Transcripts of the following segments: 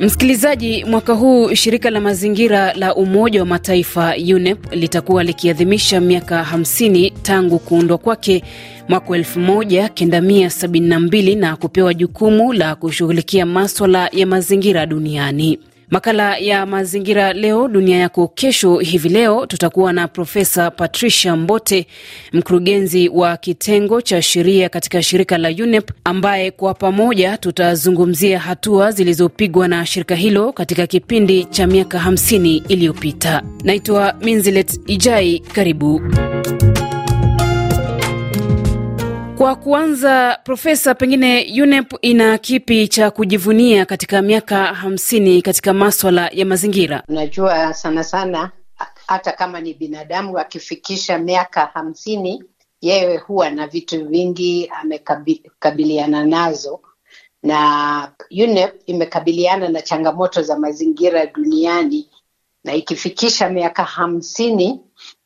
Msikilizaji, mwaka huu shirika la mazingira la Umoja wa Mataifa UNEP litakuwa likiadhimisha miaka 50 tangu kuundwa kwake mwaka 1972 na kupewa jukumu la kushughulikia maswala ya mazingira duniani. Makala ya mazingira leo dunia yako kesho. Hivi leo tutakuwa na Profesa Patricia Mbote, mkurugenzi wa kitengo cha sheria katika shirika la UNEP, ambaye kwa pamoja tutazungumzia hatua zilizopigwa na shirika hilo katika kipindi cha miaka 50 iliyopita. Naitwa Minzilet Ijai, karibu. Kwa kuanza, Profesa, pengine UNEP ina kipi cha kujivunia katika miaka hamsini katika maswala ya mazingira? Unajua, sana sana hata kama ni binadamu akifikisha miaka hamsini, yeye huwa na vitu vingi amekabiliana nazo, na UNEP imekabiliana na changamoto za mazingira duniani, na ikifikisha miaka hamsini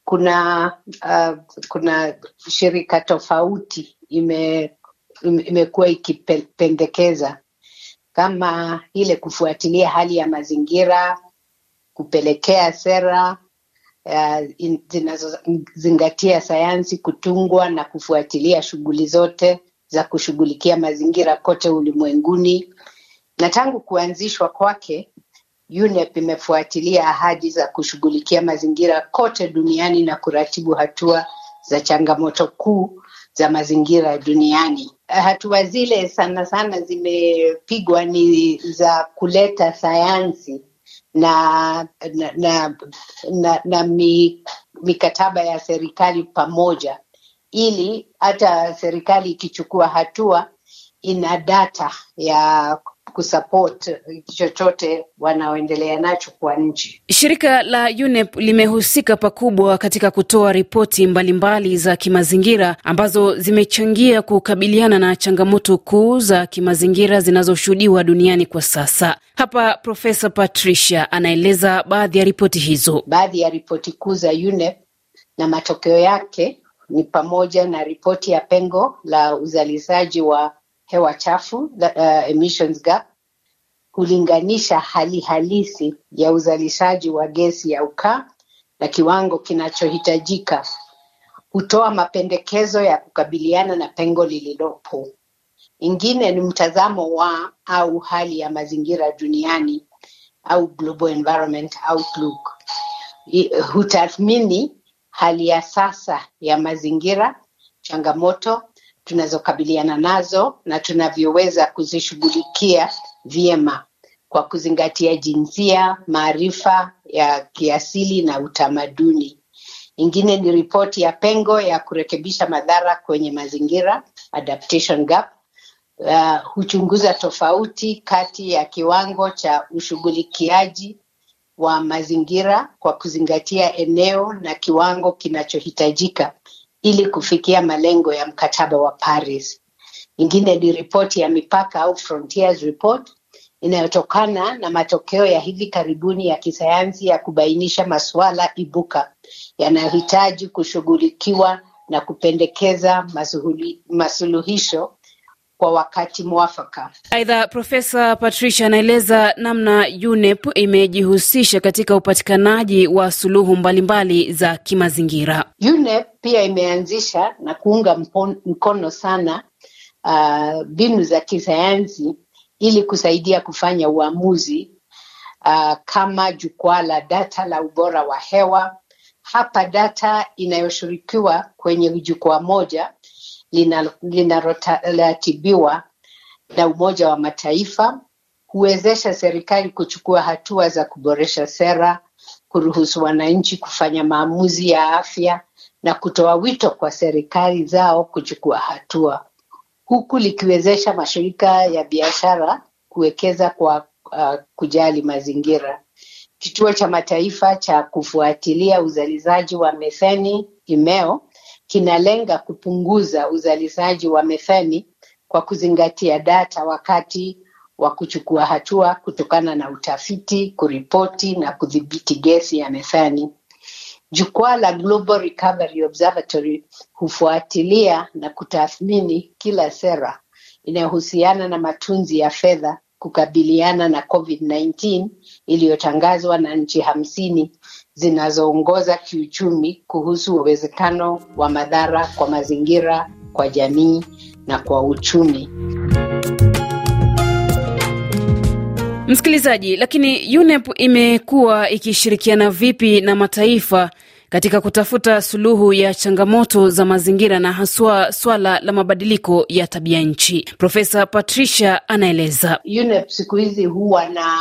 kuna uh, kuna shirika tofauti ime, imekuwa ikipendekeza kama ile kufuatilia hali ya mazingira kupelekea sera uh, zinazozingatia sayansi kutungwa na kufuatilia shughuli zote za kushughulikia mazingira kote ulimwenguni na tangu kuanzishwa kwake UNEP imefuatilia ahadi za kushughulikia mazingira kote duniani na kuratibu hatua za changamoto kuu za mazingira duniani. Hatua zile sana sana zimepigwa ni za kuleta sayansi na na, na, na, na mi, mikataba ya serikali pamoja, ili hata serikali ikichukua hatua ina data ya kusupport chochote wanaoendelea nacho kwa nchi. Shirika la UNEP limehusika pakubwa katika kutoa ripoti mbalimbali za kimazingira ambazo zimechangia kukabiliana na changamoto kuu za kimazingira zinazoshuhudiwa duniani kwa sasa. Hapa Profesa Patricia anaeleza baadhi ya ripoti hizo. Baadhi ya ripoti kuu za UNEP na matokeo yake ni pamoja na ripoti ya pengo la uzalishaji wa hewa chafu uh, emissions gap, kulinganisha hali halisi ya uzalishaji wa gesi ya ukaa na kiwango kinachohitajika, hutoa mapendekezo ya kukabiliana na pengo lililopo. Ingine ni mtazamo wa au hali ya mazingira duniani au Global Environment Outlook. Hutathmini hali ya sasa ya mazingira, changamoto tunazokabiliana nazo na tunavyoweza kuzishughulikia vyema kwa kuzingatia jinsia, maarifa ya kiasili na utamaduni. Ingine ni ripoti ya pengo ya kurekebisha madhara kwenye mazingira adaptation gap. Uh, huchunguza tofauti kati ya kiwango cha ushughulikiaji wa mazingira kwa kuzingatia eneo na kiwango kinachohitajika ili kufikia malengo ya mkataba wa Paris. Ingine ni ripoti ya mipaka au frontiers report inayotokana na matokeo ya hivi karibuni ya kisayansi ya kubainisha masuala ibuka yanayohitaji kushughulikiwa na kupendekeza masuluhisho kwa wakati mwafaka. Aidha, Profesa Patricia anaeleza namna UNEP imejihusisha katika upatikanaji wa suluhu mbalimbali mbali za kimazingira. UNEP pia imeanzisha na kuunga mkono sana uh, mbinu uh, za kisayansi ili kusaidia kufanya uamuzi uh, kama jukwaa la data la ubora wa hewa. Hapa data inayoshirikiwa kwenye jukwaa moja linaloratibiwa na Umoja wa Mataifa huwezesha serikali kuchukua hatua za kuboresha sera, kuruhusu wananchi kufanya maamuzi ya afya na kutoa wito kwa serikali zao kuchukua hatua, huku likiwezesha mashirika ya biashara kuwekeza kwa uh, kujali mazingira. Kituo cha Mataifa cha kufuatilia uzalizaji wa metheni IMEO kinalenga kupunguza uzalishaji wa methani kwa kuzingatia data wakati wa kuchukua hatua kutokana na utafiti, kuripoti na kudhibiti gesi ya methani. Jukwaa la Global Recovery Observatory hufuatilia na kutathmini kila sera inayohusiana na matunzi ya fedha kukabiliana na COVID-19 iliyotangazwa na nchi hamsini zinazoongoza kiuchumi kuhusu uwezekano wa madhara kwa mazingira, kwa jamii na kwa uchumi. Msikilizaji, lakini UNEP imekuwa ikishirikiana vipi na mataifa katika kutafuta suluhu ya changamoto za mazingira na haswa swala la mabadiliko ya tabia nchi. Profesa Patricia anaeleza. UNEP siku hizi huwa na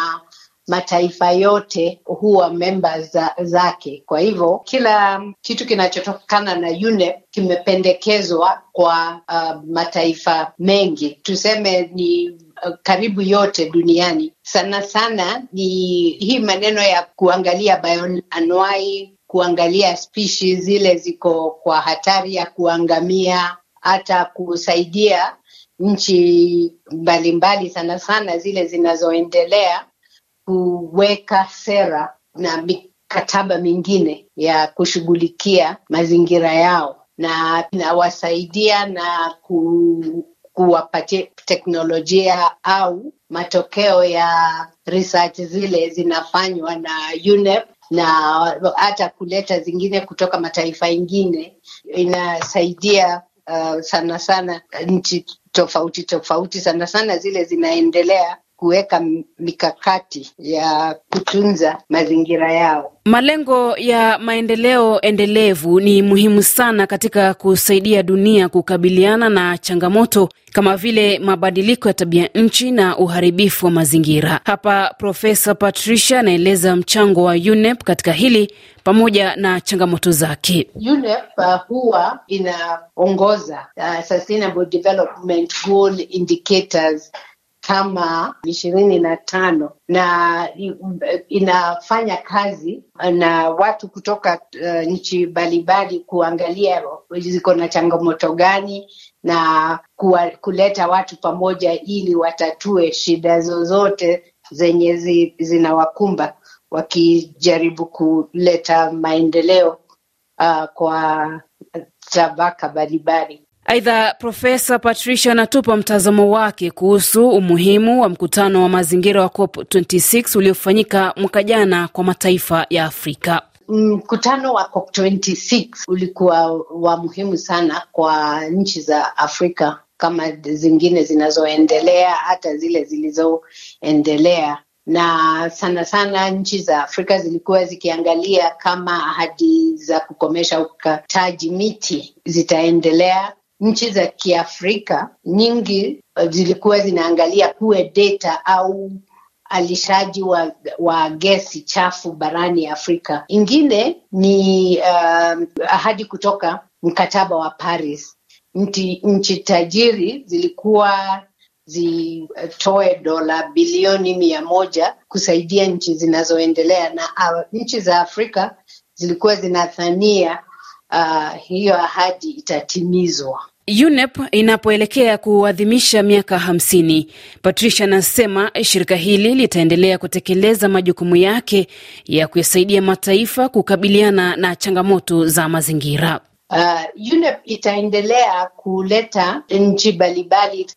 mataifa yote huwa memba za, zake. Kwa hivyo kila kitu kinachotokana na UNEP kimependekezwa kwa uh, mataifa mengi, tuseme ni uh, karibu yote duniani. Sana sana ni hii maneno ya kuangalia bioanuai, kuangalia spishi zile ziko kwa hatari ya kuangamia, hata kusaidia nchi mbalimbali, sana sana zile zinazoendelea kuweka sera na mikataba mingine ya kushughulikia mazingira yao, na inawasaidia na ku, kuwapatia teknolojia au matokeo ya research zile zinafanywa na UNEP na hata kuleta zingine kutoka mataifa ingine. Inasaidia uh, sana sana nchi tofauti tofauti, sana sana zile zinaendelea kuweka mikakati ya kutunza mazingira yao. Malengo ya maendeleo endelevu ni muhimu sana katika kusaidia dunia kukabiliana na changamoto kama vile mabadiliko ya tabia nchi na uharibifu wa mazingira. Hapa Profesa Patricia anaeleza mchango wa UNEP katika hili pamoja na changamoto zake. UNEP uh, huwa inaongoza uh, Sustainable Development Goal Indicators kama ishirini na tano na inafanya kazi na watu kutoka uh, nchi mbalimbali kuangalia ziko na changamoto gani na kuwa, kuleta watu pamoja ili watatue shida zozote zenye zi, zinawakumba wakijaribu kuleta maendeleo uh, kwa eh, tabaka mbalimbali. Aidha, Profesa Patricia anatupa mtazamo wake kuhusu umuhimu wa mkutano wa mazingira wa COP 26 uliofanyika mwaka jana kwa mataifa ya Afrika. Mkutano wa COP 26 ulikuwa wa muhimu sana kwa nchi za Afrika kama zingine zinazoendelea hata zile zilizoendelea, na sana sana nchi za Afrika zilikuwa zikiangalia kama ahadi za kukomesha ukataji miti zitaendelea nchi za Kiafrika nyingi eh, zilikuwa zinaangalia kuwe deta au alishaji wa, wa gesi chafu barani Afrika. Ingine ni uh, ahadi kutoka mkataba wa Paris. Nchi, nchi tajiri zilikuwa zitoe dola bilioni mia moja kusaidia nchi zinazoendelea na ah, nchi za Afrika zilikuwa zinathania uh, hiyo ahadi itatimizwa. UNEP inapoelekea kuadhimisha miaka hamsini, Patricia anasema shirika hili litaendelea kutekeleza majukumu yake ya kuyasaidia mataifa kukabiliana na changamoto za mazingira. Uh, UNEP itaendelea kuleta nchi mbalimbali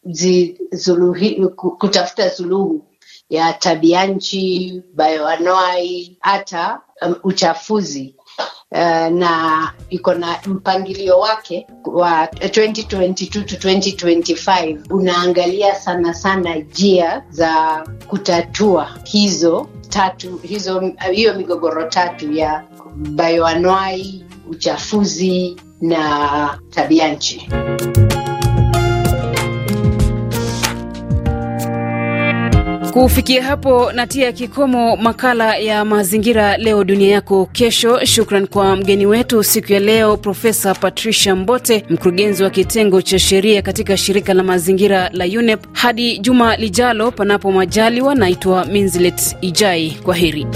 kutafuta suluhu ya tabia nchi, bayoanoai, hata um, uchafuzi uh, na iko na mpangilio wake wa 2022 to 2025 unaangalia sana sana njia za kutatua hizo tatu hizo hiyo migogoro tatu ya bayoanwai uchafuzi na tabia nchi Kufikia hapo natia kikomo makala ya mazingira leo dunia yako kesho. Shukran kwa mgeni wetu siku ya leo, Profesa Patricia Mbote, mkurugenzi wa kitengo cha sheria katika shirika la mazingira la UNEP. Hadi juma lijalo, panapo majaliwa, naitwa minzlet Ijai. Kwa heri.